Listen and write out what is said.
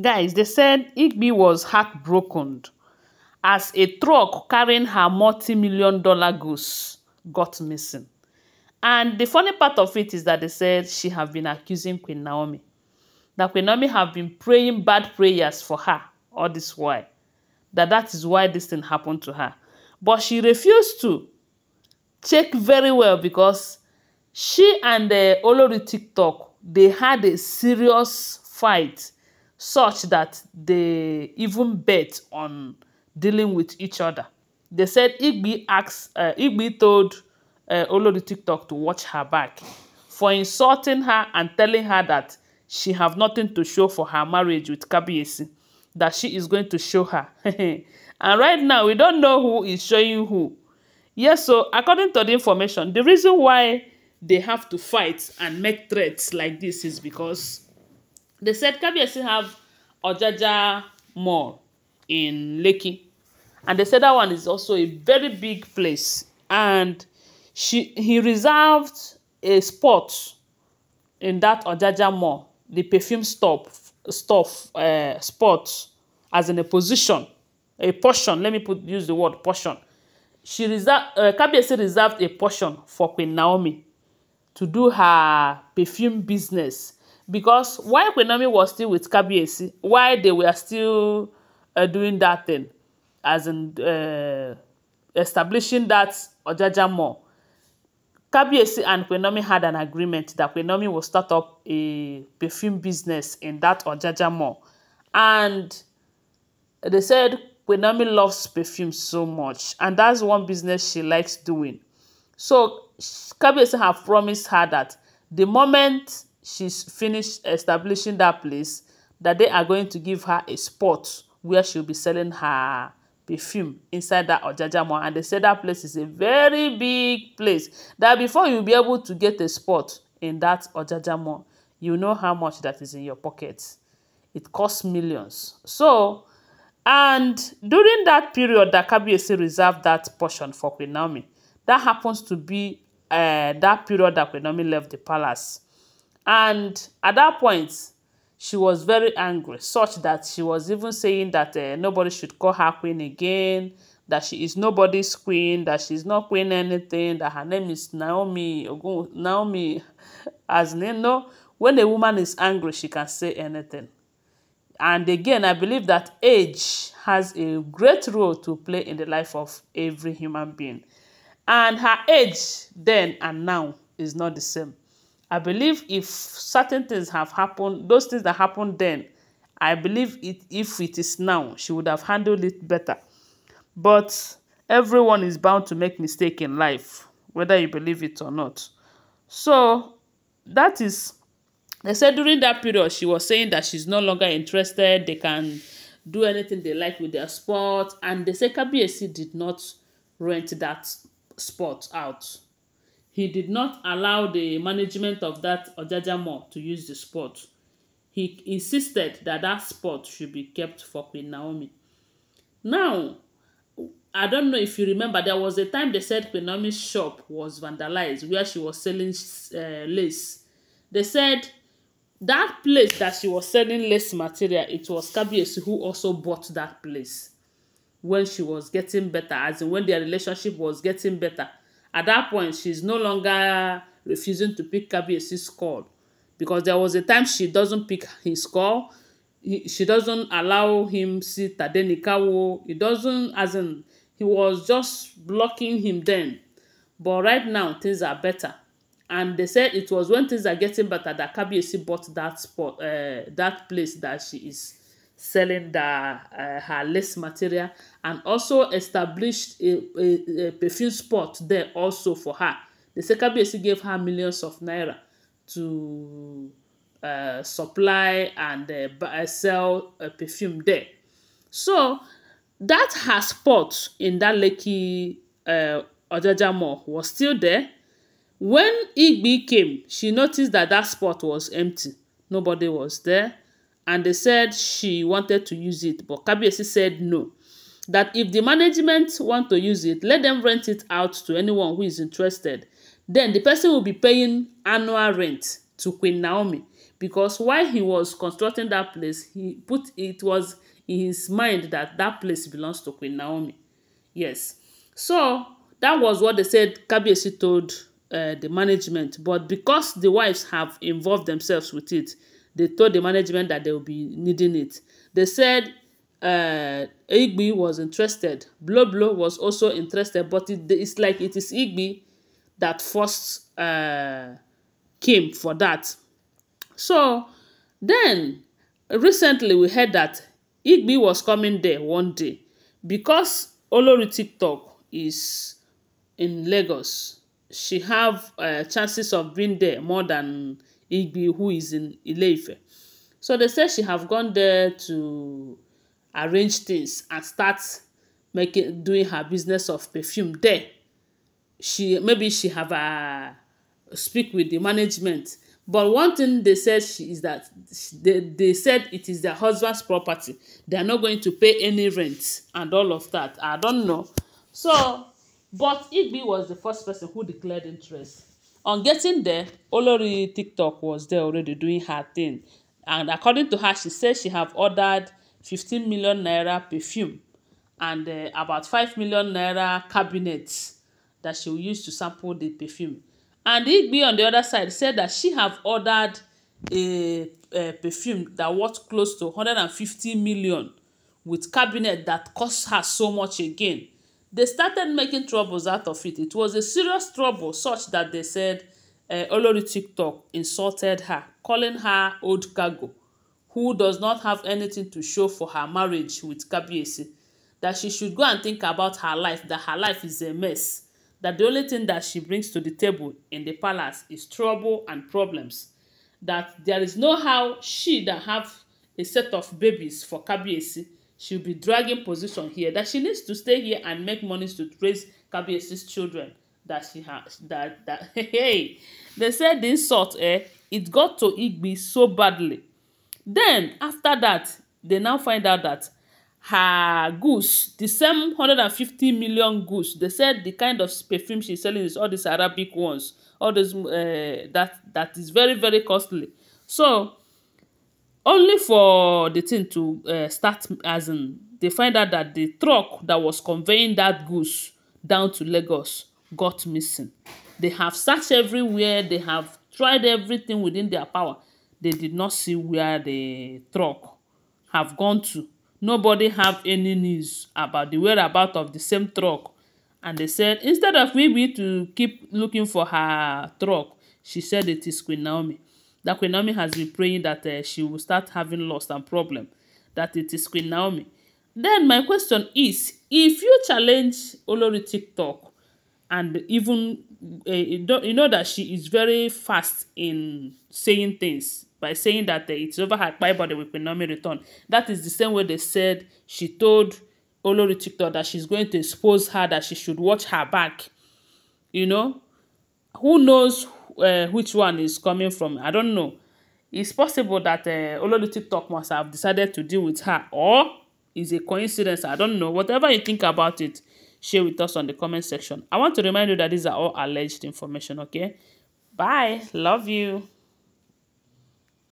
Guys, they said Igby was heartbroken as a truck carrying her multi-million dollar goods got missing. And the funny part of it is that they said she have been accusing Queen Naomi. That Queen Naomi have been praying bad prayers for her all this while. That that is why this thing happened to her. But she refused to check very well because she and the uh, Olori TikTok, they had a serious fight such that they even bet on dealing with each other. They said Igbi asked, uh, Igbi told uh, the TikTok to watch her back for insulting her and telling her that she have nothing to show for her marriage with Kabiyesi, that she is going to show her. and right now, we don't know who is showing who. Yes, so according to the information, the reason why they have to fight and make threats like this is because They said Kabiyesi have Ojaja Mall in Lekki. And they said that one is also a very big place. And she he reserved a spot in that Ojaja Mall, the perfume stop stuff uh, spot as in a position, a portion. Let me put use the word portion. She reserved uh, Kabiyesi reserved a portion for Queen Naomi to do her perfume business because while Kwenomi was still with Kabiesi, while they were still uh, doing that thing, as in uh, establishing that Ojaja Mall, Kabiesi and Kwenomi had an agreement that Kwenomi will start up a perfume business in that Ojaja Mall. And they said Kwenomi loves perfume so much, and that's one business she likes doing. So Kabiesi have promised her that the moment she's finished establishing that place that they are going to give her a spot where she'll be selling her perfume inside that Ojajamo, And they say that place is a very big place. That before you'll be able to get a spot in that Ojajamo, you know how much that is in your pocket. It costs millions. So, and during that period that Kabiyesi reserved that portion for Queen Naomi, that happens to be uh, that period that Queen Naomi left the palace. And at that point, she was very angry, such that she was even saying that uh, nobody should call her queen again, that she is nobody's queen, that she's not queen anything, that her name is Naomi, Naomi, as you know, when a woman is angry, she can say anything. And again, I believe that age has a great role to play in the life of every human being. And her age then and now is not the same. I believe if certain things have happened, those things that happened then, I believe it, if it is now, she would have handled it better. But everyone is bound to make mistake in life, whether you believe it or not. So that is, they said during that period, she was saying that she's no longer interested. They can do anything they like with their sport. And they say Kabiyesi did not rent that spot out. He did not allow the management of that Ojaja Mall to use the spot. He insisted that that spot should be kept for Queen Naomi. Now, I don't know if you remember, there was a time they said Queen Naomi's shop was vandalized where she was selling uh, lace. They said that place that she was selling lace material, it was Kabiyesi who also bought that place when she was getting better, as in when their relationship was getting better. At that point, she's no longer refusing to pick Kabiesi's call because there was a time she doesn't pick his call. He, she doesn't allow him see Tadenikawo. He doesn't, as in, he was just blocking him then. But right now, things are better. And they said it was when things are getting better that Kabiesi bought that spot, uh, that place that she is selling the uh, her lace material and also established a, a, a perfume spot there also for her. The second BSC gave her millions of naira to uh, supply and uh, buy, uh, sell a perfume there. So that her spot in that Lekki uh, Ojajamo was still there. When Igbe came, she noticed that that spot was empty. Nobody was there and they said she wanted to use it, but Kabiesi said no. That if the management want to use it, let them rent it out to anyone who is interested. Then the person will be paying annual rent to Queen Naomi because while he was constructing that place, he put it was in his mind that that place belongs to Queen Naomi. Yes. So that was what they said Kabiesi told uh, the management. But because the wives have involved themselves with it, They told the management that they will be needing it. They said uh, Igbi was interested. Blow Blow was also interested, but it, it's like it is Igbi that first uh, came for that. So then recently we heard that Igbi was coming there one day because Olori TikTok is in Lagos. She have uh, chances of being there more than Igbi, who is in Ileife. So they say she have gone there to arrange things and start making doing her business of perfume there. She maybe she have a uh, speak with the management. But one thing they said she is that they, they said it is their husband's property. They are not going to pay any rent and all of that. I don't know. So, but Igbi was the first person who declared interest. On getting there, Olori TikTok was there already doing her thing. And according to her, she said she have ordered 15 million naira perfume and uh, about 5 million naira cabinets that she will use to sample the perfume. And Igbe on the other side said that she have ordered a, a perfume that worth close to 150 million with cabinet that cost her so much again they started making troubles out of it. It was a serious trouble such that they said uh, Olori TikTok insulted her, calling her old cargo, who does not have anything to show for her marriage with Kabiyesi, that she should go and think about her life, that her life is a mess, that the only thing that she brings to the table in the palace is trouble and problems, that there is no how she that have a set of babies for Kabiyesi she'll be dragging position here that she needs to stay here and make money to raise Kabiesi's children that she has that that hey they said this sort eh it got to Igbi so badly then after that they now find out that her goose, the same 150 million goose. they said the kind of perfume she's selling is all these Arabic ones all those uh, eh, that that is very very costly so only for the thing to uh, start as in they find out that the truck that was conveying that goods down to Lagos got missing. They have searched everywhere. They have tried everything within their power. They did not see where the truck have gone to. Nobody have any news about the whereabouts of the same truck. And they said, instead of maybe to keep looking for her truck, she said it is Queen Naomi that Queen Naomi has been praying that uh, she will start having loss and problem, that it is Queen Naomi. Then my question is, if you challenge Olori TikTok, and even uh, you know that she is very fast in saying things by saying that uh, it's over her body with Queen Naomi return. That is the same way they said she told Olori TikTok that she's going to expose her, that she should watch her back. You know, who knows uh, which one is coming from. I don't know. It's possible that uh, Ololu TikTok must have decided to deal with her or is a coincidence. I don't know. Whatever you think about it, share with us on the comment section. I want to remind you that these are all alleged information, okay? Bye. Love you.